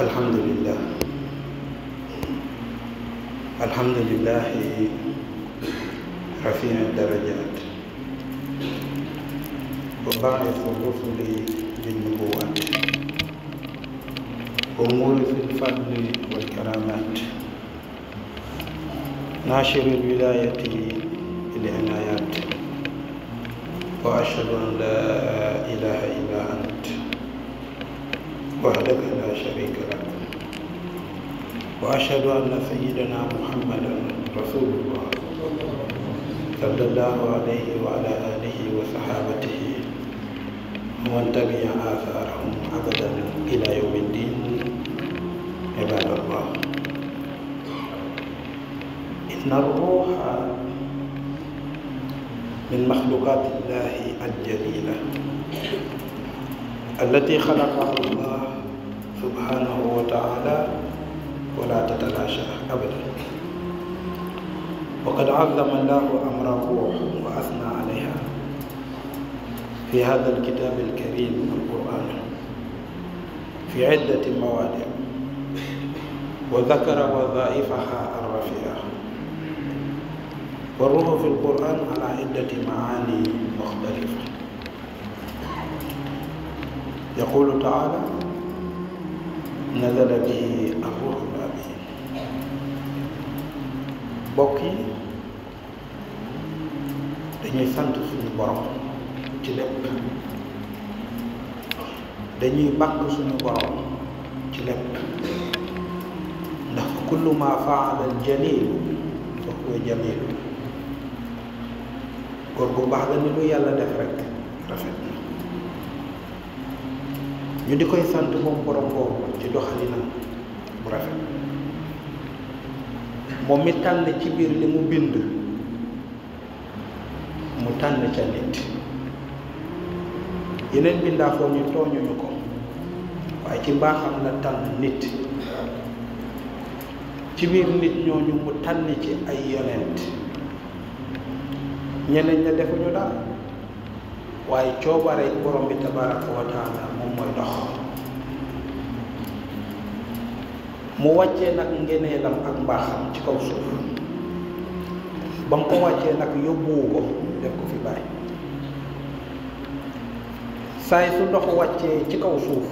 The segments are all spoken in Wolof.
الحمد لله الحمد لله رفيع الدرجات وباعث الرسل بالنبوات ومورث الفضل والكرامات ناشر الولاية العنايات وأشهد أن لا إله إلا أنت وحده لا شريك له وأشهد أن سيدنا محمدا رسول الله صلى الله عليه وعلى آله وصحابته ومن تبع آثارهم أبدا إلى يوم الدين عباد الله إن الروح من مخلوقات الله الجليلة التي خلقها الله سبحانه وتعالى ولا تتلاشى أبدا وقد عظم الله أمره وأثنى عليها في هذا الكتاب الكريم القرآن في عدة مواضع وذكر وظائفها الرفيعة والروح في القرآن على عدة معاني مختلفة يقول تعالى نزل به الروح الأمين boki yi dañuy sant suñu borom ci lépp dañuy bàkk suñu borom ci lépp ndax kullu ma faala al jalil fa huwa jamil góor bu baax la ni lu yàlla def rek rafet na ñu di koy sant moom borom boobu ci doxalinam bu rafet moom mi tànn ci biir li mu bind mu tànn ca nit yeneen bindaafoo ñu tooñuñu ko waaye ci mbaaxam na tànn nit ci biir nit ñooñu mu tànn ci ay yonent ñeneen ña defuñu dara waaye coobare borom bi tabaraka wa taala mooy dox mu wàccee nag ngeneelam ak mbaaxam ci kaw suuf ba mu ko wàccee nag yóbbuwu ko def ko fi bàyyi saay su ndox wàccee ci kaw suuf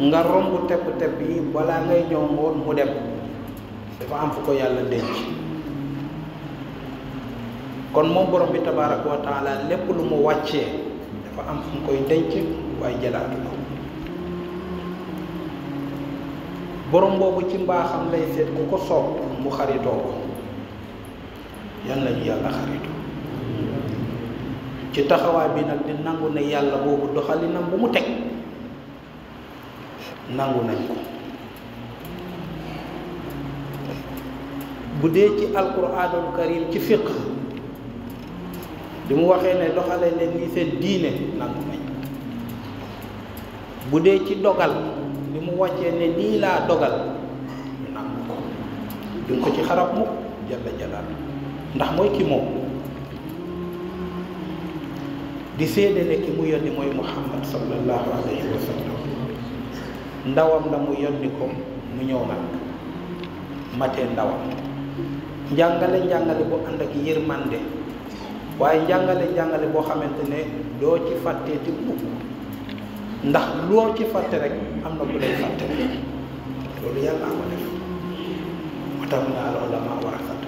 nga romb tepp-tepp yi balaa ngay ñëw ngoon mu dem dafa am fu ko yàlla denc kon moom borom bi tabaaraka lépp lu mu wàccee dafa am fu mu koy denc waaye jalaatu ko borom boobu ci mbaaxam lay seet ku ko soow mu xaritoo ko yan la ñu yàlla xaritoo ci taxawaay bi nag di nangu ne yàlla boobu doxalinam bu mu teg nangu nañ ko bu dee ci alquraanul karim ci fiq bi mu waxee ne doxalee leen ni seen diine nangu nañ bu dee ci dogal bi mu wàccee ne lii laa dogal ñu nangu ko duñ ko ci xarab mukk jalla jalaal ndax mooy ki moom di seede ne ki mu yónni mooy muhammad sallallahu alayhi wa sallam ndawam la mu yónni ko mu ñëw nag matee ndawam njàngale njàngale bu ànd ak yërmande waaye njàngale njàngale boo xamante ne doo ci fàttee ti ndax loo ci fàtte rek am na ku lay fàtte loolu yàlla ko def moo tax naa loolu la maa war a sant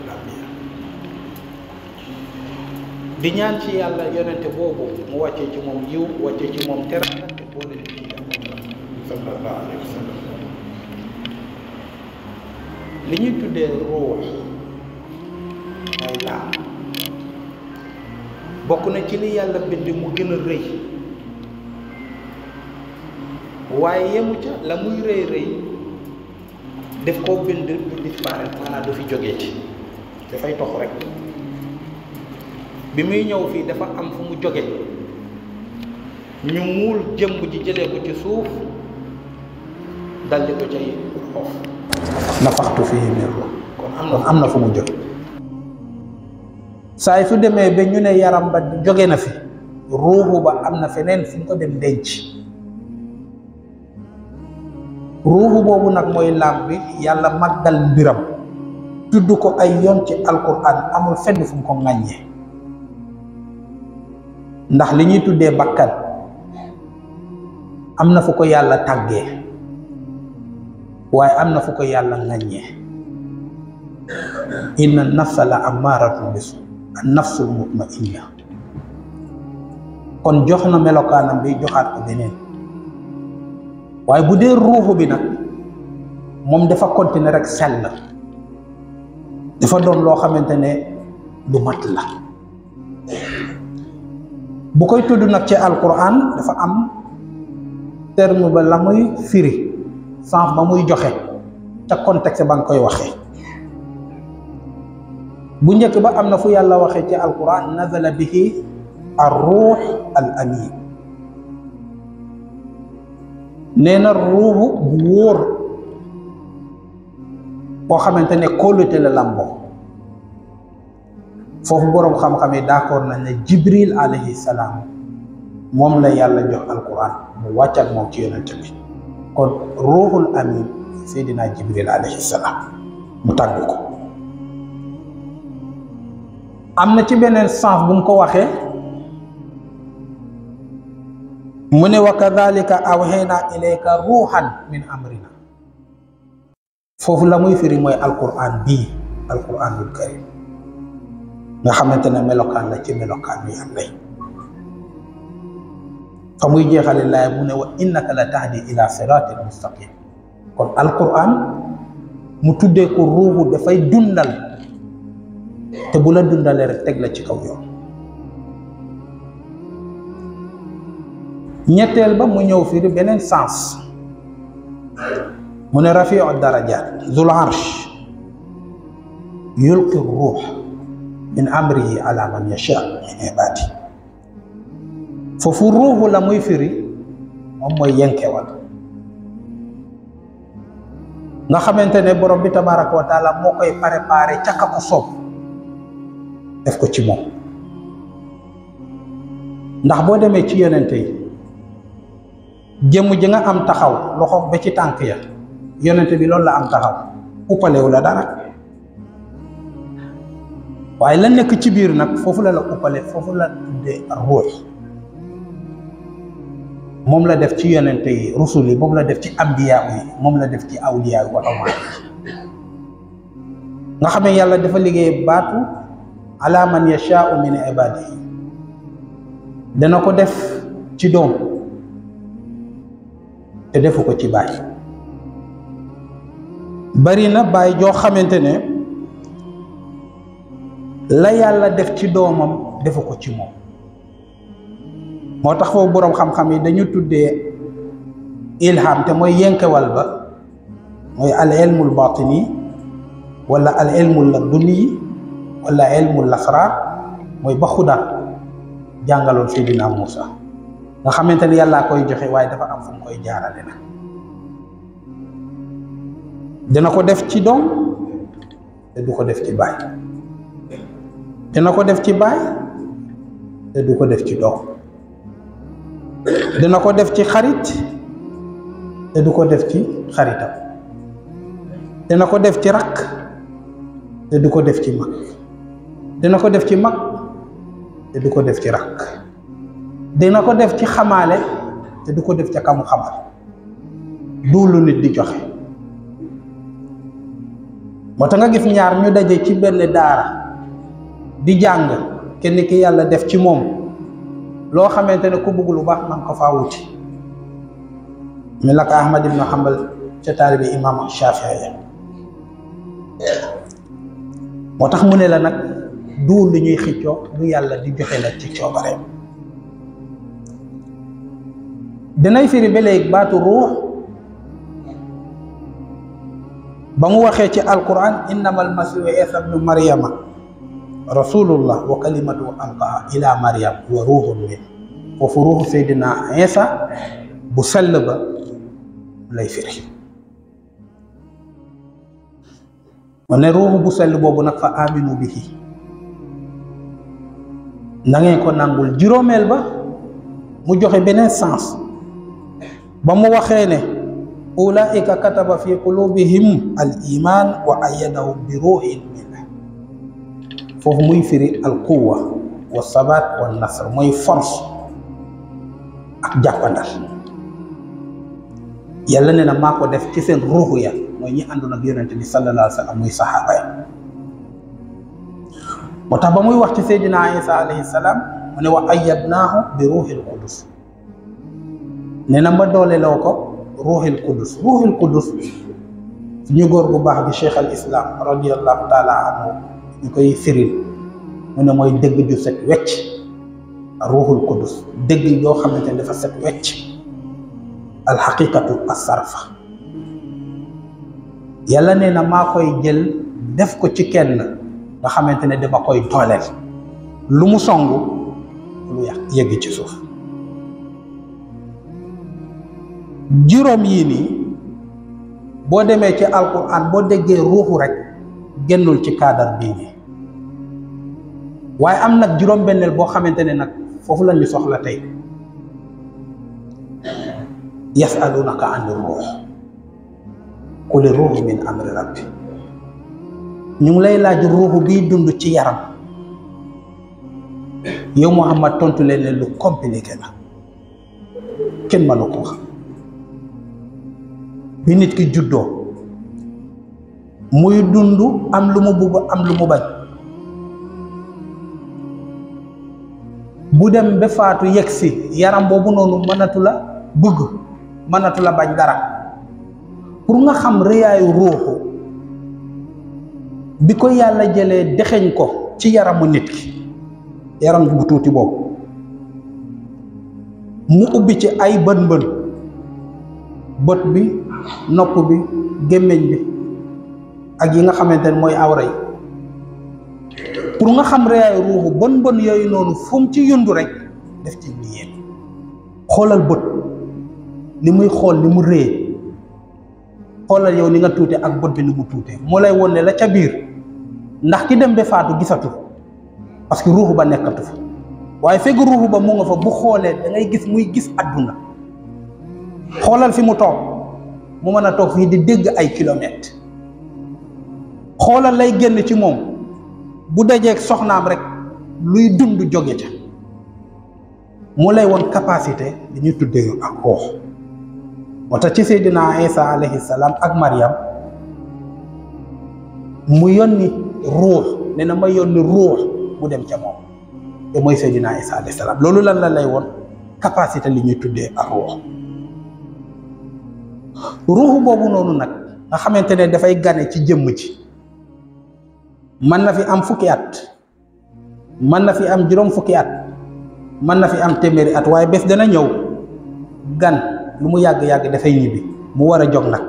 di ñaan ci yàlla yonente boobu mu wàccee ci moom yiw wàcce ci moom teraanga te boole li ci sallallahu alayhi wa sallam li ñuy tuddee ruux mooy laam bokk na ci li yàlla bi mu gën a rëy waaye yemu ca la muy rëy rëy def koo bind du disparaître maanaam du fi jógeeti dafay tox rek bi muy ñëw fii dafa am fu mu jóge ñu muul jëmb ji jëlee ko ci suuf daldi ko cay xoof nafaxtu fii mir kon am na am na fu mu jóge saa su demee ba ñu ne yaram ba jóge na fi ruuxu ba am na feneen fu mu ko dem denc ruhu bobu nak moy laam bi yàlla màggal mbiram tuddu ko ay yon ci alquran amul fenn fu ko ngagne ndax li ñuy tuddé bakkat amna fu ko yalla tàggee waye amna fu ko yalla ngagne inna nafsa la bis an nafsul mutmainna kon joxna na bi joxat ko beneen waaye bu dee ruuxu bi nag moom dafa continuer rek sell dafa doon loo xamante ne lu mat la bu koy tudd nag ci alquran dafa am terme ba la muy firi sens ba muy joxe te contexte ba nga koy waxee bu njëkk ba am na fu yàlla waxee ci alquran nazala bihi ar ruux al amin nee na ruuxu bu wóor boo xamante ne kóolute la lamboo foofu boroom xam-xam yi d'accord nañ ne jibril alayhi salaam moom la yàlla jox alquran mu wàcc ak moom ci yonente bi kon ruuxul amin seydina jibril alayhi salaam mu tàggu am na ci beneen sens bu mu ko waxee mu ne wa kadhalika ilayka ruuxan min amrina foofu la muy firi mooy alquran bii alquranul karim nga xamante ne melokaan la ci melokaan yu yàlla fa muy jeexale laay mu ne wa innaka la tahdi ila siratin mustaqim kon alquran mu tuddee ko ruuxu dafay dundal te bu la dundalee rek teg la ci kaw yoon ñetteel ba mu ñëw firi beneen sens mu ne rafiu darajaat zul arsh yulqi ruux min amrihi ala man yacha min ibaadi foofu ruuxu muy firi moom mooy yenkewal nga xamante ne borom bi tabaraka wa taala moo koy préparé caka ko soob def ko ci moom ndax boo demee ci yonente yi jëmm ji nga am taxaw loxo ba ci tànk ya yonent bi loolu la am taxaw uppalewu la dara waaye la nekk ci biir nag foofu la la uppale foofu la tuddee ruux moom la def ci yonent yi rusul moom la def ci ambiya yi moom la def ci awliya yi nga xam ne yàlla dafa liggéey baatu ala man yashaau min ibadihi dana ko def ci doom te defu ko ci baay bari na baay jo xamantene la yàlla def ci domam defu ko ci mom motax fo borom xam-xam yi dañu tuddé ilham te moy yenke wal ba moy al ilm al batini wala al ilm al laduni wala ilm al akhra moy ba khuda jangalon Seydina musa nga xamanteni yalla koy joxe way dafa am fu koy jaarale na dina ko def ci dom te du ko def ci bay dina ko def ci bay te du ko def ci dom dina ko def ci xarit te du ko def ci xaritam dina ko def ci rak te du ko def ci mak dina ko def ci mak te du ko def ci rak dina ko def ci xamaale te du ko def ca kamu xamal du lu nit di joxe moo tax nga gis ñaar ñu daje ci benn daara di jàng kenn ki yàlla def ci moom loo xamante ne ku bugg lu baax man ko faa wuti mi la ko Ahmad ibn Hanbal ca taalibi imam Shafii moo tax mu ne la nag du lu ñuy xiccoo lu yàlla di joxe nag ci coobareem danay firi ba léegi baatu ruux ba mu waxee ci alquran innamal masih isa ibn maryam rasulullah wa kalimatu alqa ila maryam wa ruhun min wa furuhu sayidina isa bu salba lay firi mu ruhu bu sell bobu nak fa aminu bihi nangé ko nangul juromel ba mu joxe benen sens ba mu waxee ne ulaika kataba fi qulubihim al wa ayyadahum bi ruhin minhu foofu muy firi al wa sabat wa nasr mooy force ak jàppandal yàlla ne na maa ko def ci seen ruuxu ya mooy ñi àndoon bi sallallahu muy saxaaba ya moo tax ba muy wax ci seydina isa alayhi salaam mu ne wa ayyadnaahu bi ruuhil qudus nee na ma dooleeloo ko ruuxil quddus ruuxil quddus ñu góor bu baax gi cheikh al islam radiallahu taala anhu ñu koy firil mu ne mooy dëgg ju set wecc ruuxul quddus dëgg yoo xamante ne dafa set wecc alxaqiqatu asarfa yàlla nee na maa koy jël def ko ci kenn nga xamante ne dama koy dooleel lu mu song lu yàq yëgg ci suuf juróom yii nii boo demee ci alquran boo déggee ruuxu rekk génnul ci kaadar bii nii waaye am nag juróom benneel boo xamante ne nag foofu la ñu soxla tey yasalunaka ani ruux kuli ruuxu min amri rabbi ñu ngi lay laaj ruuxu bii dund ci yaram yow Muhammad tontu leen ne lu compliqué la kenn mënu ko xam bi nit ki juddoo muy dund am lu mu bugg am lu mu bañ bu dem ba faatu yegg si yaram boobu noonu mënatu la bëgg mënatu la bañ dara pour nga xam rëyaayu ruuxu bi ko yàlla jëlee dexeñ ko ci yaramu nit ki yaram bu tuuti boobu mu ubbi ci ay bën bën bët bi nopp bi gemmeñ bi ak yi nga xamantene moy bonbon pour nga xam reyaay ruuxu bon bon yoy nonu fum ci yundu rek def ci niyee xolal bot ni muy xol ni mu rëy xolal yow ni nga tuté ak bot bi ni mu tuté mo lay wonné la ca bir ndax ki dem be faatu gisatu parce que ruuxu ba nekatu fa waye fegu ba mo nga fa bu xolé da ngay gis muy gis aduna xolal fi mu tok mu mën a toog fii di dégg ay kilomètres xoolal lay génn ci moom bu dajeeg soxnaam rek luy dund jóge ca mu lay woon capacité li ñuy tuddee ak xoox moo ci Seydina Isa alayhi salaam ak Maryam mu yónni ruux nee na ma yónni ruux mu dem ca moom te mooy Seydina Isa alayhi salaam loolu lan la lay woon capacité li ñuy tuddee ak ruux ruuxu boobu noonu nag nga xamante ne dafay gane ci jëmm ci mën na fi am fukki at mën na fi am juróom fukki at mën na fi am téeméeri at waaye bés dana ñëw gan lu mu yàgg-yàgg dafay ñibbi mu war a jóg nag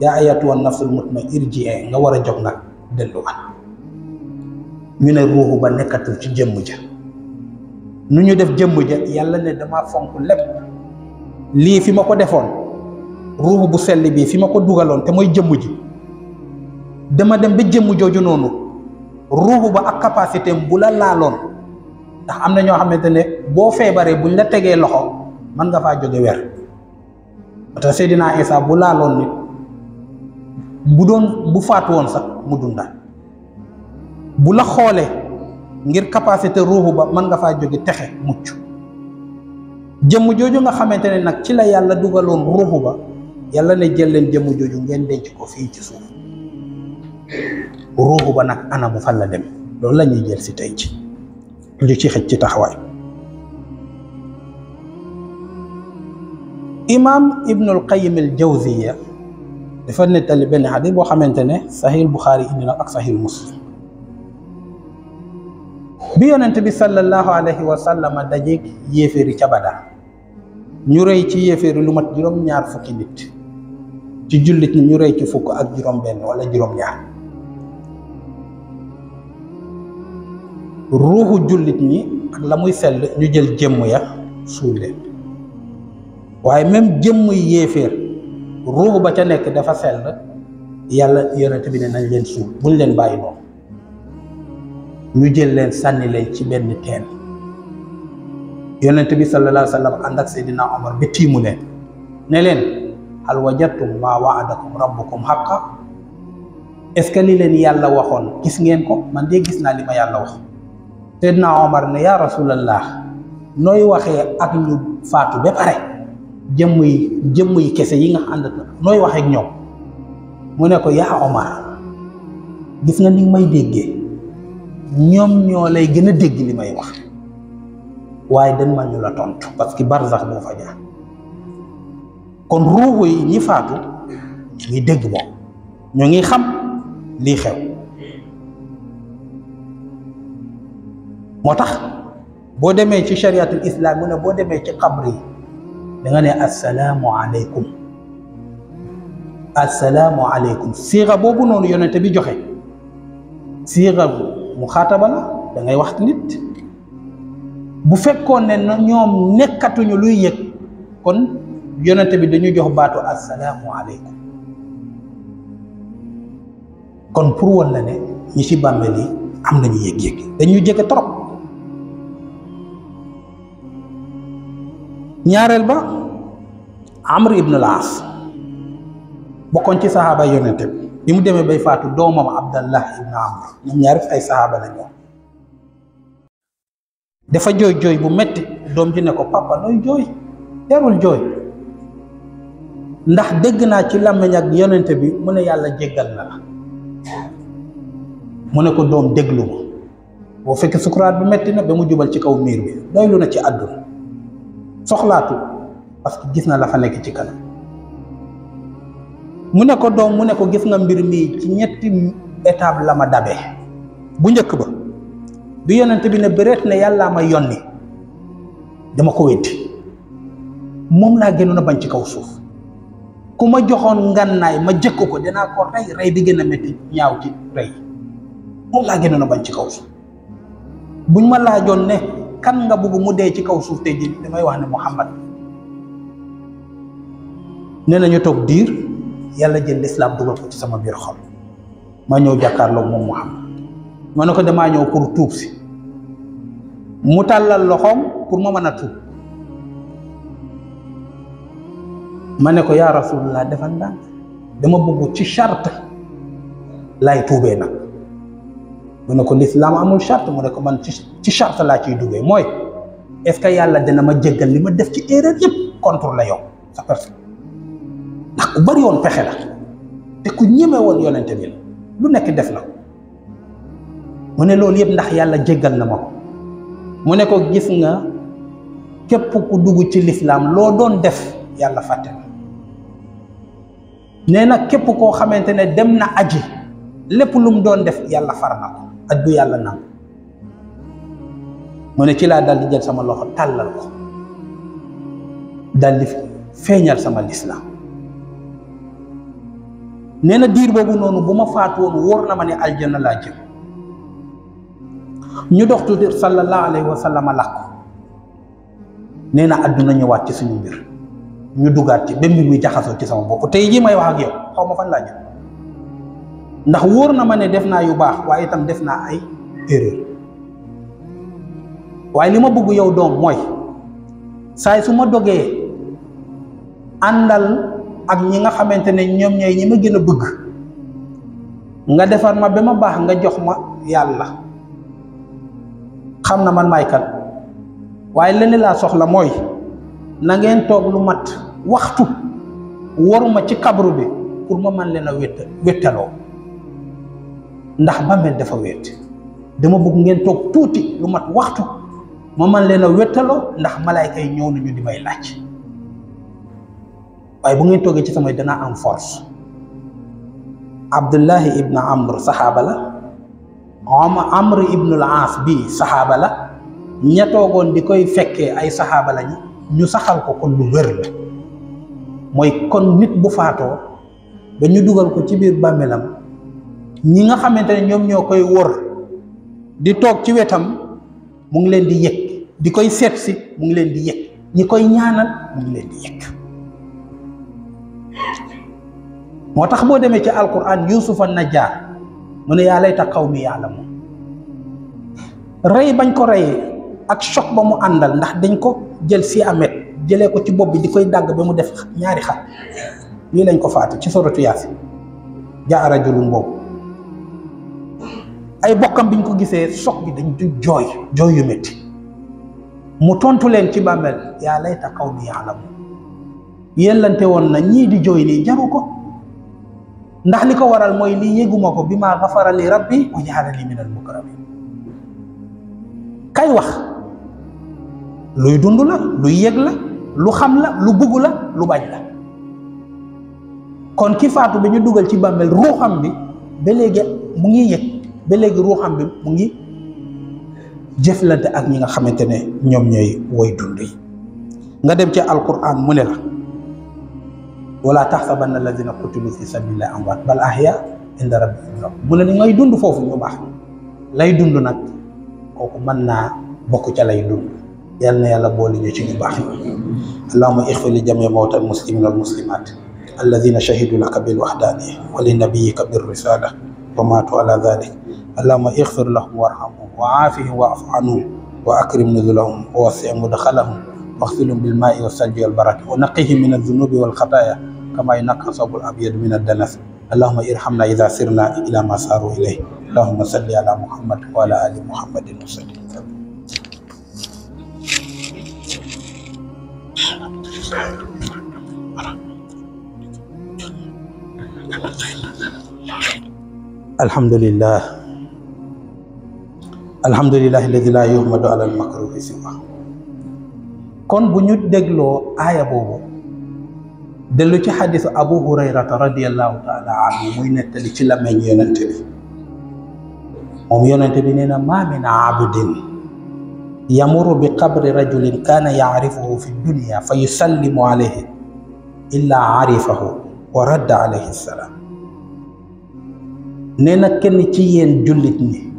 yaa ayatuwan nafsul mutma irji'e nga war a jóg nag delluwaat ñu ne ruuxu ba nekkatul ci jëmm ja nu ñu def jëmm ja yàlla ne dama fonk lépp lii fi ma ko defoon ruubu bu sell bii fi ma ko dugaloon te mooy jëmm ji dama dem ba jëmm jooju noonu ruubu ba ak capacité bu la laaloon ndax am na ñoo xamante ne boo feebaree buñ la tegee loxo mën nga faa jóge wer parce que Seydina Isa bu laaloon bu doon bu faatu woon sax mu dunda bu la xoolee ngir capacité ruubu ba mën nga faa jóge texe mucc jëmm jooju nga xamante ne nag ci la yàlla dugaloon ruubu ba yàlla ne jël leen jëmm jooju ngeen denc ko fii ci suuf ruuxu ba nag ana bu fan la dem loolu la jël si tey ci lu ci xëj ci taxawaay imaam ibnul qayim al jawziya dafa nettali benn xadis boo xamante ne saxiil buxaari indi na ak saxiil muslim bi yonent bi sallallahu alayhi wa sallam dajeeg yéeféeri ca ñu rëy ci yéeféeri lu mat juróom ñaar fukki nit ci jullit ñi ñu rey ci fukk ak juróom benn wala juróom ñaar ruuxu jullit ñi ak la muy sell ñu jël jëmm ya suul leen waaye même jëmm yéeféer ruuxu ba ca nekk dafa sell yàlla yonent bi ne nañ leen suul buñ leen bàyyi noonu ñu jël leen sànni leen ci benn teen yonent bi sallallahu alayhi wa sallam ànd ak Seydina Omar ba tiimu leen ne leen hal wajadtum maa waadakum rabbukum haqqan est-ce que li leen yàlla waxoon gis ngeen ko man de gis naa li ma yàlla wax Seydina Omar ne yaa rasulallah nooy waxee ak ñu faatu ba jëmm yi kese yi nga ànd ñoom mu ne ko yaa Omar gis nga ni may déggee ñoom ñoo lay gën a dégg li may wax waaye dañ ma ñu la tontu parce que barzax boo fa jaar kon ruubu yi ñi faatu ñi ngi dégg moom ñu ngi xam li xew moo tax boo demee ci chariatul islam mu ne boo demee ci xabri da nga ne assalaamu aleykum assalaamu aleykum siixa boobu noonu yonente bi joxe siixa mu xaataba la da ngay wax nit bu fekkoon ne ñoom nekkatuñu luy yëg kon yonent bi dañuy jox baatu assalaamu aleykum kon pour woon la ne ñi ci bàmmeel yi am nañu yëg-yëg dañuy jege trop ñaareel ba amr ibn al bokkoon ci saxaaba yonent bi bi mu demee bay faatu doomam abdallah ibn amr ñoom ñaar ay saxaaba la ñoom jooy jooy bu metti doom ji ne ko papa looy jooy jarul jooy ndax dégg naa ci làmmiñ ak yonente bi mu ne yàlla jéggal na la mu ne ko doom déglu ma boo fekkee sukuraat bi metti na ba jubal ci kaw miir bi doylu na ci àdduna soxlaatu parce que gis na la nekk ci kanam mu ne ko doom mu ne ko gis nga mbir mii ci ñetti étape la ma dabe bu njëkk ba bi yonente bi ne bëreet ne yàllaa ma yonni dama ko weddi moom naa gënoon na bañ ci kaw suuf ku ma joxoon ngànnaay ma jëkk ko dinaa ko rey rey bi gën a métti ñaaw ci rey moom laa gënoon na bañ ci kaw suuf buñ ma laajoon ne kan nga bugg mu dee ci kaw suuf tey ji damay wax ne Muhammad ne nañu toog diir yàlla jël lislaam dugal ko ci sama biir xol ma ñëw jàkkaarloog moom Muhammad ma ne ko damaa ñëw pour tuub si mu tàllal loxoom pour ma mën a tuub ma ne ko yaa rasulullah defal ndànk dama bëgg ci charte laay tuubee nag mu ne ko lislaam amul charte mu ne ko man ci charte laa ciy duggee mooy est yàlla dina ma jéggal li ma def ci erreur yëpp contre la yow sa personne ndax ku bari woon pexe la te ku ñeme woon yonente lu nekk def na mu ne loolu yëpp ndax yàlla jéggal na ma ko mu ne ko gis nga képp ku dugg ci lislaam loo doon def yàlla fàtte neena kep ko xamantene dem na aji lépp lu mu doon def yàlla farna ko ak du yàlla nam mo ne ci la dal di jël sama loxo talal ko dal di feñal sama l'islam neena dir bobu nonu buma faatu won wor na mané ne aljanna laa jëm ñu dox tuuti sallallahu alayhi wa sallam làkk neena aduna àdduna ñëwaat ci suñu mbir ñu dugaat ci ba mbir mi jaxasoo ci sama bopp tey jii may wax ak yow xaw ma fan laa jëm ndax wóor na ma ne def naa yu baax waaye itam def naa ay erreur waaye li ma bëgg yow doom mooy saay su ma dogee àndal ak ñi nga xamante ne ñoom ñooy ñi ma gën a bëgg nga defar ma ba ma baax nga jox ma yàlla xam na man maykan waaye lenn laa soxla mooy. na ngeen toog lu mat waxtu waruma ci xabru bi pour ma man leen a wét wéttaloo ndax bàmmeel dafa wét dama bëgg ngeen toog tuuti lu mat waxtu ma man leen a wéttaloo ndax malaayka yi ñëw nañu di may laaj waaye bu ngeen toogee ci samay danaa am force Abdullahi ibn Amr saxaaba la Amr ibn al-Aas bii saxaaba la ña toogoon di koy fekkee ay saxaaba lañu ñu saxal ko kon lu wér la mooy kon nit bu faatoo dañu dugal ko ci biir bàmmeelam ñi nga xamante ne ñoom ñoo koy wër di toog ci wetam mu ngi leen di yëg di koy seet mu ngi leen di yëg ñi koy ñaanal mu ngi leen di yëg moo tax boo demee ci alquran yusufa najjaar mu ne yaa layta qawmi yaalamuun rey bañ ko reyee ak choc ba mu àndal ndax dañ ko jël si amet jëlee ko ci bopp bi di koy dagg ba mu def ñaari xat lii lañ ko faatu ci soratu yaasin jaa rajulun boobu ay bokkam biñ ko gisee choc bi dañ du jooy jooy yu métti mu tontu leen ci bàmmeel yaa layta xaw bi yaalam yellante woon na ñii di jooy nii jaru ko ndax li ko waral mooy li yëguma ko bi maa faral li rabbi wa jaala li min al kay wax luy dund la luy yëg la lu xam la lu bugg la lu bañ la kon ki faatu bi ñu dugal ci bàmmeel ruuxam bi ba léegi mu ngi yëg ba léegi ruuxam bi mu ngi jëflante ak ñi nga xamante ne ñoom ñooy woy dund yi nga dem ci alquran mu ne la sa taxsabanna alladina qutilu fi sabilillahi amwaat bal ahya inda rabbihim mu ne ni ngay dund foofu ñu baax lay dund nag kooku mën naa bokk ca lay dund yal na yàlla boole ñu ci ñu baax ñi allahuma ixfir li jamii mawtal muslimin wal muslimat alladina shahidu laka bil waxdaaniya wa li nabiyika bir risala wa maatu ala dalik allahuma ixfir lahum warhamhum wa aafihim waafu anhum wa akrim nuzulahum wa wasi mudxalahum واغسلهم بالماء والثلج والبرد ونقهم من الذنوب والخطايا كما ينقى الثوب الابيض من الدنس اللهم ارحمنا إذا سرنا إلى ما ساروا إليه اللهم صل على محمد وعلى آل محمد وسلم الحمد لله الحمد لله الذي لا يهمد على المكروه سواه كون بو نيو دغلو aaya بوبو dellu ci xadisu abu hurayrata radiallahu taala anhu muy nettali ci lameñ yonente bi moom yonente bi nee na maa min abdin yamuru bi qabri rajulin kaana yaarifuhu fi dunia fa yusallimu alayhi illa arifahu wa radda alayhi salaam nee na kenn ci yéen jullit ni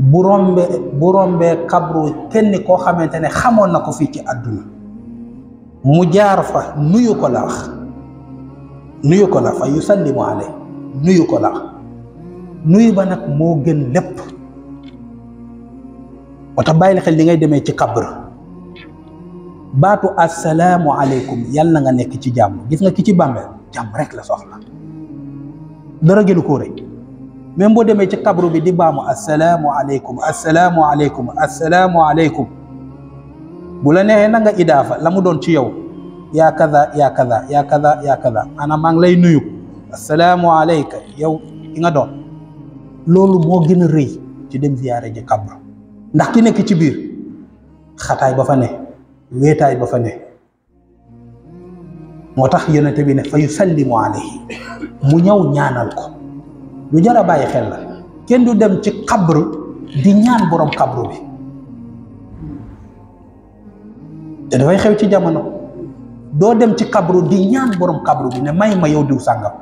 bu rombe bu rombee kabru kenn koo xamante ne xamoon na ko fii ci àdduna mu jaar fa nuyu ko la wax nuyu ko la fa yusallimu alay nuyu ko la wax nuyu ba nag moo gën lépp moo tax bàyyil xel li ngay demee ci xabr baatu assalaamu aleykum yàlla na nga nekk ci jàmm gis nga ki ci bàmmeel jàmm rek la soxla dara gënu koo rek même boo demee ci xabru bi di baamu assalaamu aleykum assalaamu aleykum assalaamu aleykum bu la neexee na nga idaafa la mu doon ci yow ya kaza ya kaza ya kaza ya kaza maanaam maa ngi lay nuyu asalaamu aleyka yow nga doon loolu moo gën a rëy ci dem ziyaare ji kabru ndax ki nekk ci biir xataay ba fa ne weetaay ba fa ne moo tax yonente bi ne fa yusallimu alayhi mu ñëw ñaanal ko lu jara baye bàyyi xel la kenn du dem ci xabru di ñaan borom xabru bi te dafay xew ci jamono doo dem ci xabru di ñaan boroom xabru bi ne may ma yow diw sàngam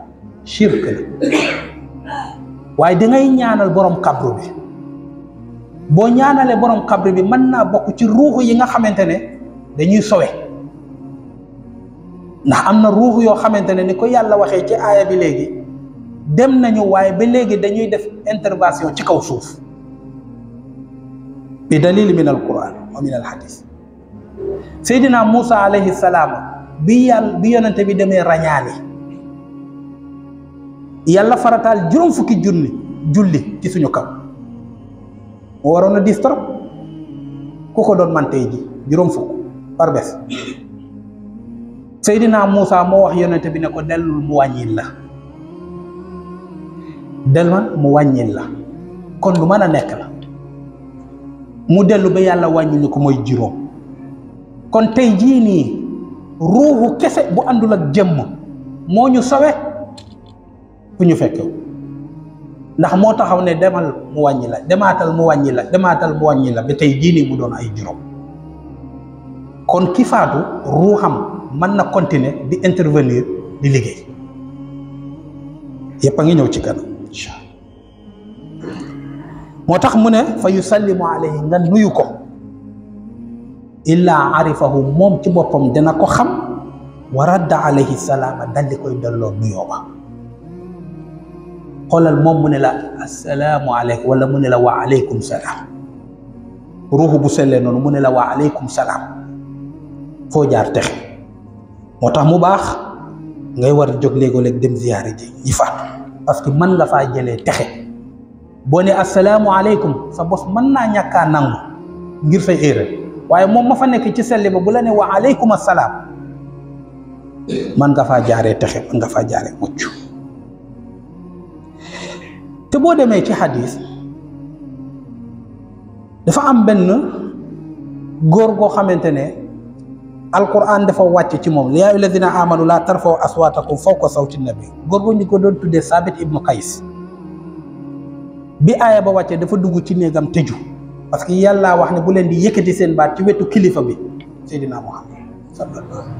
shirk la waaye dangay ñaanal borom xabru bi boo ñaanalee borom xabru bi mën naa bokk ci ruuxu yi nga xamante ne dañuy sowe ndax am na ruuxu yoo xamante ne ni ko yàlla waxee ci aaya bi léegi dem nañu waaye ba léegi dañuy def intervention ci kaw suuf bi dalil min al quran min al hadis seydina Moussa alayhi salaam bi yàlla bi yonente bi demee rañaani yàlla farataal juróom fukki junni julli ci suñu kaw waroon na diis trop ku ko doon man ji juróom fukk par bés seydina Moussa moo wax yonente bi ne ko dellul mu wàññil la delma mu wàññil la kon lu mën a nekk la mu dellu ba yàlla wàññi ñu ko mooy juróom kon tey jii nii ruuxu kese bu àndul ak jëmm moo ñu sawe fu ñu fekkew ndax moo taxaw ne demal mu wàññi la demaatal mu wàññi la demaatal mu wàññi la ba tey jii nii mu doon ay juróom kon ki faatu ruuxam man na contine di intervenir di liggéey yépp a ngi ñëw ci kanam moo tax mu ne fa yusallimu alayhi nga nuyu ko illaa arifahu moom ci boppam dina ko xam wa radda alayhi salaama daldi koy delloo nuyoo ba xoolal moom mu ne la assalaamu aleykum wala mu ne la wa aleykum salaam ruuxu bu sellee noonu mu ne la wa aleykum salaam foo jaar texe moo tax mu baax ngay war a jóg léegoo-léeg dem ziyaare ji ñi faatu parce que mën nga faa jëlee texe boo ne assalaamu aleykum sa bos mën naa ñàkkaa nangu ngir say erreur waaye moom ma fa nekk ci selli ba bu la ne wa aleykum assalaam man nga faa jaaree texe man nga faa jaaree mucc te boo demee ci xadis dafa am benn góor goo xamante ne alquran dafa wàcc ci moom li yaa ayyuha alladina amanu laa tarfaw aswaatakum fawqa sawti nabi góor goo ñu ko doon tuddee sabit ibnu kays bi aaya ba wàccee dafa dugg ci néegam tëju parce que yàllaa wax ne bu leen di yëkkati seen baat ci wetu kilifa bi Seydina Muhammad sallallahu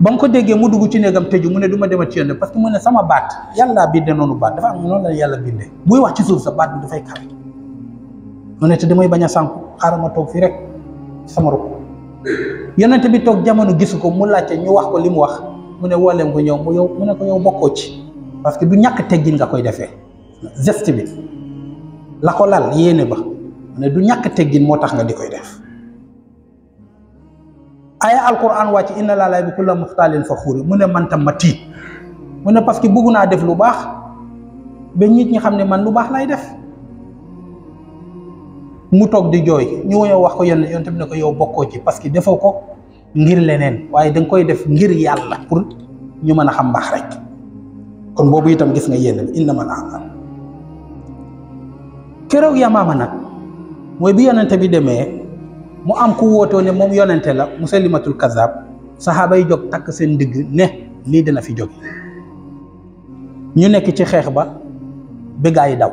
ba mu ko déggee mu dugg ci néegam tëju mu ne duma ma demat ci yonent parce que mu ne sama baat yàllaa bindee noonu baat dafa am noonu la yàlla bindee buy wax ci suuf sa baat bi dafay kawe mu ne te damay bañ a sànku xaaral ma toog fii rek sama rukk yonent bi toog jamono gisu ko mu laajte ñu wax ko li mu wax mu ne wooleem ko ñëw mu yow mu ne ko yow bokkoo ci parce que du ñàkk teggin nga koy defee geste bi ba mu ne du ñak teggin moo tax nga dikoy def aya alquran wàcc inna laa la muxtaalin fa xuuri mu man tam mati mune parce que buguna def lu bax be nit ñi xamne man lu bax lay def mu tok di joy ñu ñëw wax ko yenn yoon ne ko yow bokko ci parce que defo ko ngir lenen waye dang koy def ngir yalla pour ñu mëna xam bax rek kon bobu itam gis nga inna man amal ya mama nak moy bi yonente bi démé mu am ku wootoo ne moom yonente la musalimatul kazzab sahaba yi jóg tak sen digg ne li dina fi jog ñu nekk ci xex ba bi gaay daw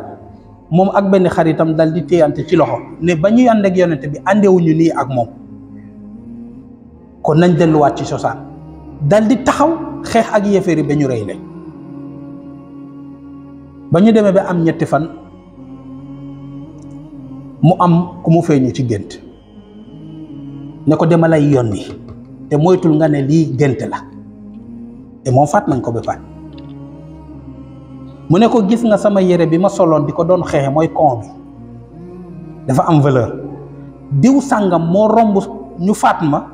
mom ak ben xaritam dal di téyante ci loxo ne bañu yand ak yonente bi andé wuñu ni ak mom kon nañ delu wat ci sosan dal di taxaw xex ak yéféri bañu ñu bañu démé ba am ñetti fan mu am ku mu feeñu ci gént ne ko dema yoon yónni te moytul nga ne lii gént la te moom faat nañ ko ba pare mu ne ko gis nga sama yére bi ma soloon di ko doon xeexe mooy kon bi dafa am valeur diw sàngam moo romb ñu faat ma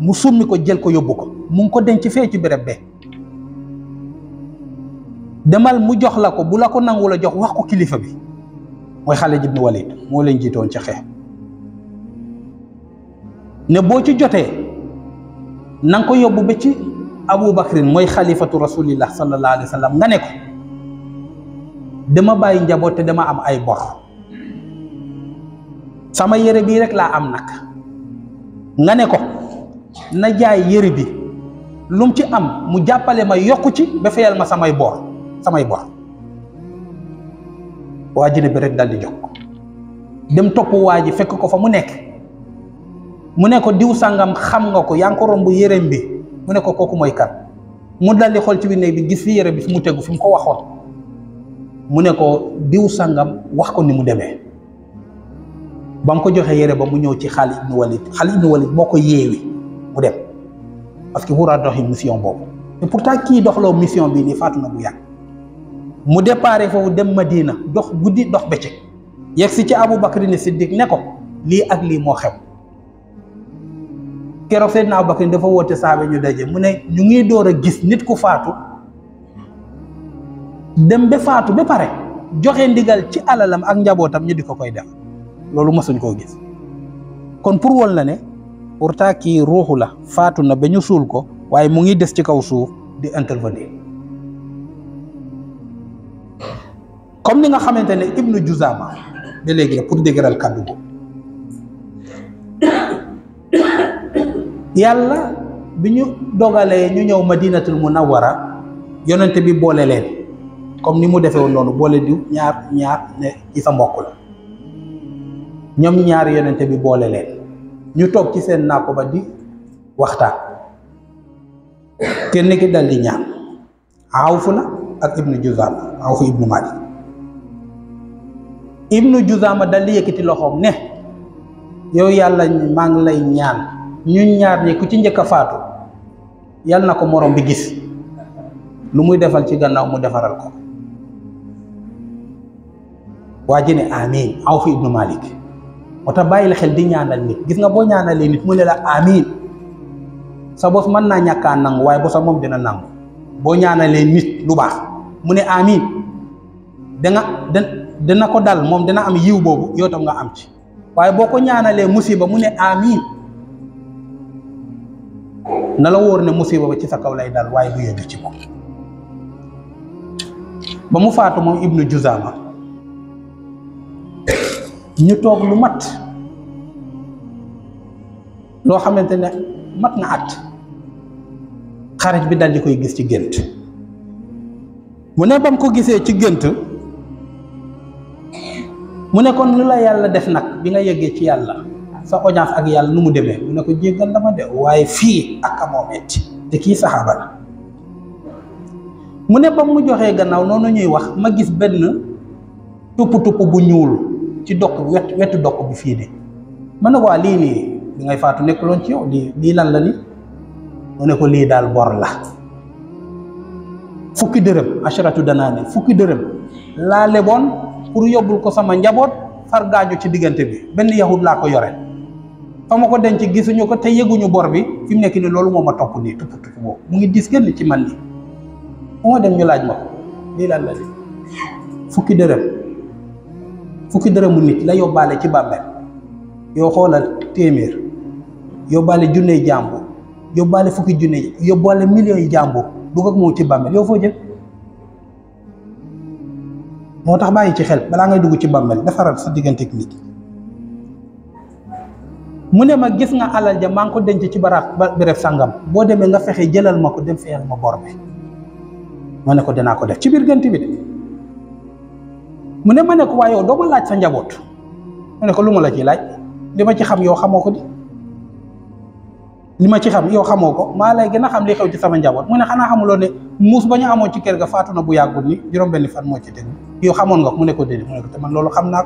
mu summi ko jël ko yóbbu ko mu ngi ko ci fee ci béréb bee demal mu jox la ko bu la ko nangu la jox wax ko kilifa bi mooy xale Xaalid ibn Walid moo leen jiitoon cexe ne boo ci jotee na ko yóbbu ba ci Abu Bakrin mooy xalifatu rasulillah sallallahu alayhi wa sallam nga ne ko dama bàyyi njaboot te dama am ay bor sama yére bii rek laa am nag nga ne ko na jaay yére bi lum ci am mu jàppale ma yokku ci ba fayal ma samay bor samay bor waa ne bi rek dal di jóg dem top waa ji fekk ko fa mu nekk mu ne ko diw sàngam xam nga ko yaa ngi ko rombu yérem bi mu ne ko kooku mooy kan mu dal di xool ci bi ne bi gis fi yére bi fi mu teggu fi mu ko waxoon mu ne ko diw sàngam wax ko ni mu demee ba ko joxee yére ba mu ñëw ci Xaalid ibn Walid Xaalid ibn Walid moo ko mu dem parce que wura doxi mission boobu et pourtant kii doxloo mission bi ni fatuna bu yak mu déparé foofu dem Madina dox guddi dox bëccëg yegg si ci Abu Bakr ni Siddiq ne ko lii ak lii moo xew keroog naa Abu Bakr dafa woote saabe ñu daje mu ne ñu ngi door a gis nit ku faatu dem ba faatu ba pare joxe ndigal ci alalam ak njabootam ñu di ko koy def loolu mësuñ koo gis kon pour wol na ne pourtant kii ruuxu la faatu na ba suul ko waaye mu ngi des ci kaw suuf di intervenir comme ni nga xamante ne ibnu Juzama ba léegi la pour dëgëral kàddu ko yàlla bi ñu dogalee ñu ñëw ma mu madinatul wara yonente bi boole leen comme ni mu defee noonu boole du ñaar ñaar ne ci sa mbokk la ñoom ñaar yonente bi boole leen ñu toog ci seen nàkk ba di waxtaan kenn ki dal di ñaan awfu la ak ibnu Juzama awfu ibnu Malik ibnu Juzaama dal di yëkkati loxoom ne yow yàlla maa lay ñaan ñu ñaar ñi ku ci njëkk a faatu yal na ko moroom bi gis lu muy defal ci gannaaw mu defaral ko waa ji ne amiin aw fi ibnu Malik moo tax bàyyil xel di ñaanal nit gis nga boo ñaanalee nit mu ne la amiin sa bos mën naa ñàkkaa nangu waaye bosam moom dina nangu boo ñaanalee nit lu baax mu ne amiin danga dina ko dal moom dana am yiw boobu yow tam nga am ci waaye boo ko ñaanalee musiba mu ne amiin na la wóor ne musiba ba ci sa kaw lay dal waaye du yegg ci moom ba mu faatu moom ibnu Juzaama ñu toog lu mat loo xamante ne mat na at xarit bi dal di koy gis ci gént mu ne bam ko gisee ci gént mu ne kon lu la yàlla def nag bi nga yeggee ci yàlla sa audience ak yàlla nu mu demee mu ne ko jéggal dama de waaye fii ak amoo metti te kii saxaaba mu ne ba mu joxee gannaaw noonu ñuy wax ma gis benn tupp tupp bu ñuul ci dokk wet wetu dokk bi fii de ma ne waa lii nii li ngay faatu nekkuloon ci yow di lii lan la ni mu ne ko lii daal bor la fukki dërëm asharatu danaane fukki dërëm laa leboon pour yóbbul ko sama njaboot far gaañu ci diggante bi benn yahud laa ko yore fa ko denc gisuñu ko te yëguñu bor bi fi nekk nii loolu moom ma topp nii tupp tupp boobu mu ngi dis gën ci man nii fu ma dem ñu laaj ma ko lii lan la li fukki dërëm fukki dërëmu la yóbbaale ci bàmmeel yoo xoolal téeméer yóbbaale junney jàmbur yóbbaale fukki junne yi yóbbaale millions yi jàmbur dugg ak moom ci bàmmeel yoo moo tax bàyyi ci xel balaa ngay dugg ci bàmmeel defaral sa digganteeg nit mu ne ma gis nga alal ja maa ngi ko denc ci baraab béréb sàngam boo demee nga fexe jëlal ma ko dem feyal ma bor bi ma ne ko danaa ko def ci biir gént mu ne ma ne ko waaye yow doo ma laaj sa njaboot mu ne ko lu ma la ci laaj li ma ci xam yow xamoo ko di li ma ci xam yow xamoo ko maa lay gën a xam li xew ci sama njaboot mu ne xanaa amuloo ne muus ba ñu amoon ci kër ga faatu na bu yàggul ni juróom-benn fan moo ci tegu yow xamoon nga ko mu ne ko déedéet mu man xam naa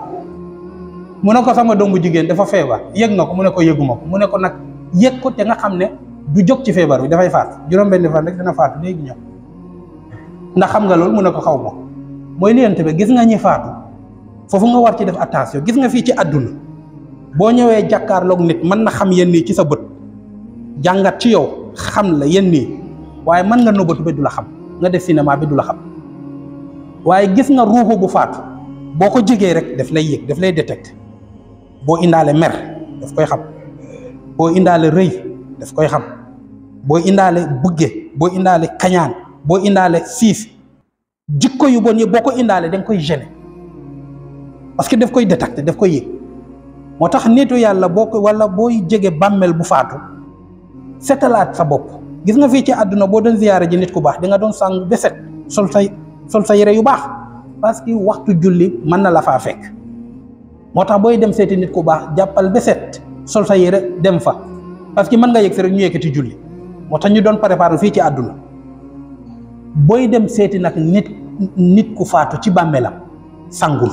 mu ne ko sama doom jigéen dafa feebar yëg nga ko mu ne ko yëguma ko mu ne nag yëg ko te nga xam ne du jóg ci feebar bi dafay faatu juróom-benn rek dana faatu léegi ñëw xam nga loolu mu ne ko xaw ma mooy liyante bi gis nga ñi faatu foofu nga war ci def attention gis nga fii ci àdduna boo ñëwee jàkkaarloog nit mën na xam yenn ci sa bët jàngat ci yow xam la yenn nii waaye mën nga nëbbatu bi du la xam nga def cinéma bi du la xam waaye gis nga ruuxu bu faatu boo ko jegee rek daf lay yëg daf lay détecte boo indaale mer daf koy xam boo indaale rëy daf koy xam boo indaale bugge boo indaale kañaan boo indaale siis jikko yu bon yi boo ko indaale da koy gêné parce que daf koy détecte daf koy yëg moo tax nitu yàlla boo ko wala booy jege bàmmeel bu faatu setelat sa bop gis nga fi ci aduna bo doon ziaré ji nit ku bax di nga doon sang ba set sol say sol say yere yu bax parce que waxtu julli man la fa fek motax boy dem setin nit ku bax jappal ba set sol say yere dem fa parce que man nga yek rek ñu yekati julli motax ñu doon préparer fi ci aduna boy dem setin nak nit nit ku faatu ci bàmmeelam sangul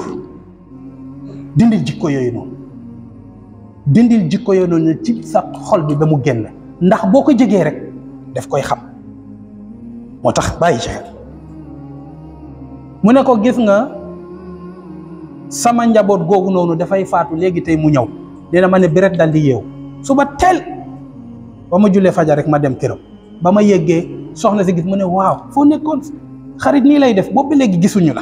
dindil jikko yooyu noonu dindil jikko yooyu noonu ci sa xol bi ba mu ndax boo ko jegee rek daf koy xam moo tax bàyyi ci xel mu ne ko gis nga sama njaboot googu noonu dafay faatu léegi tey mu ñëw nee na ma ne biret dal di yeew suba teel ba ma jullee fajar rek ma dem këram ba ma yéggee soxna si gis mu ne waaw foo nekkoon xarit nii lay def boobu léegi gisuñu la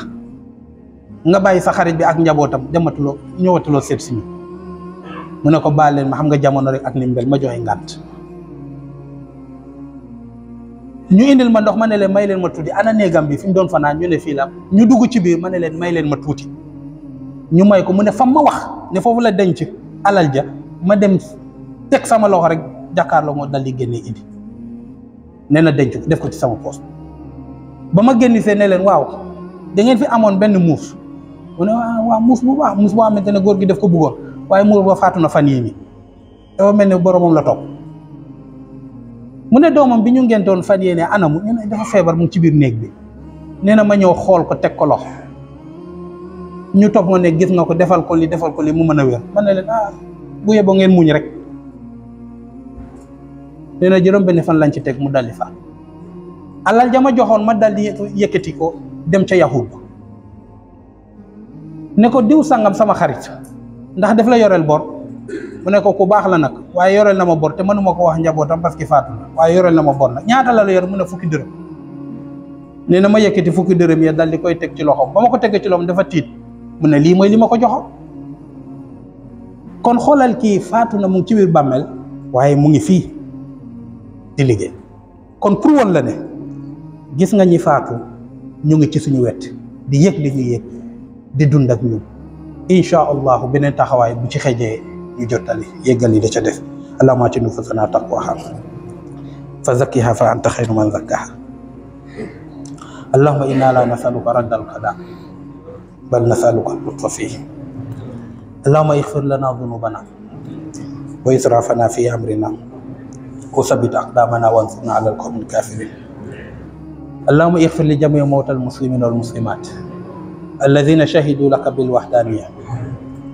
nga bàyyi sa xarit bi ak njabootam dematuloo ñëwatuloo seet si mu ne ko baal leen ma xam nga jamono rek ak ni mbel ma joxe ngànt ñu indil ma ndox ma ne leen may leen ma tuuti ana néegam bi fi mu doon fanaan ñu ne fii la ñu dugg ci biir ma ne leen may leen ma tuuti ñu may ko mu ne fam ma wax ne foofu la denc alal ja ma dem teg sama loxo rek jàkkaarloo moo dal di génne indi nee na denc def ko ci sama poos ba ma génn see ne leen waaw da ngeen fi amoon benn muus mu ne waaw muus bu baax muus boo xamante ne góor gi daf ko bëggoon waaye muur ba faatu na fan yii nii dafa mel ne boromam la topp mu ne doomam bi ñu ngentoon fan yéene anamu ñu ne dafa feebar mu ci biir néeg bi nee na ma ñëw xool ko teg ko loxo ñu toog moo ne gis nga ko defal ko li defal ko li mu mën a wér man ne leen ah bu yeboo ngeen muñ rek nee na juróom benn fan lañ ci teg mu daldi fa alal jama joxoon ma daldi yëkkati ko dem ca yahud ne ko diw sangam sama xarit ndax daf la yoreel bor mu ne ko ku bax la nak waye yorel na ma bor te manuma ko wax njabotam parce que faatu na yorel na ma bor nag ñaata la la yor mu ne fukki deureum nee na ma yekati fukki deureum ya dal di koy teg ci loxom bama ko tek ci loxom dafa tit mu ne li kon xolal ki faatu na mu ngi ci bir bammel waye mu ngi fi di kon pour won la ne gis nga ñi faatu ñu ngi ci suñu wet di yek li ñu yek di dund ak ñu incha allahu beneen bu ci xejee ñu jottali yeggali da ca def allahumma aati nufuusanaa taqwaahaa fa zakkihaa fa anta xayru man zakkaahaa allahumma innaa laa nasaluka raddal qadaa bal nasaluka lutfa fiihi allahumma igfir lanaa dunuubanaa wa israafanaa fii amrinaa wa sabbit aqdaamanaa wansurnaa alal qawmil kaafiriin اللهم اغفر لجميع موتى المسلمين والمسلمات الذين شهدوا لك بالوحدانية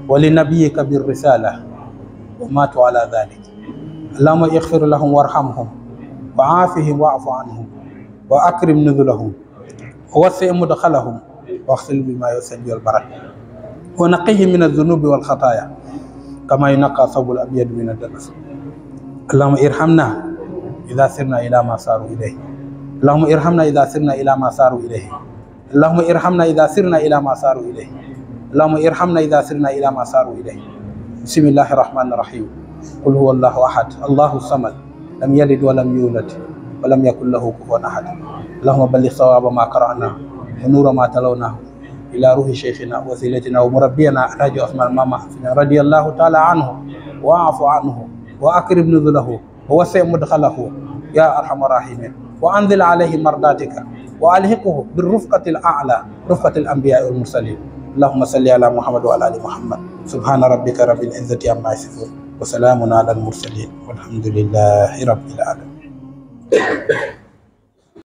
ولنبيك بالرسالة وماتوا على ذلك اللهم اغفر لهم وارحمهم وعافهم واعف عنهم وأكرم نزلهم ووسع مدخلهم واغسل بما يسجل البرك ونقيه من الذنوب والخطايا كما ينقى ثوب الأبيض من الدنس اللهم ارحمنا إذا سرنا إلى ما صاروا إليه اللهم ارحمنا إذا سرنا إلى ما صاروا إليه اللهم ارحمنا إذا سرنا إلى ما صاروا إليه اللهم ارحمنا إذا سرنا إلى ما صاروا إليه بسم الله الرحمن الرحيم قل هو الله أحد الله الصمد لم يلد ولم يولد ولم يكن له كفوا أحد اللهم بلغ صواب ما قرأنا ونور ما تلونا إلى روح شيخنا وسيلتنا ومربينا حاج عثمان ماما رضي الله تعالى عنه واعف عنه وأكرم نزله ووسع مدخله يا أرحم الراحمين وأنزل عليه مرضاتك وألحقه بالرفقة الأعلى رفقة الأنبياء والمرسلين اللهم صل على محمد وعلى ال محمد سبحان ربك رب العزه عما يصفون وسلام على المرسلين والحمد لله رب العالمين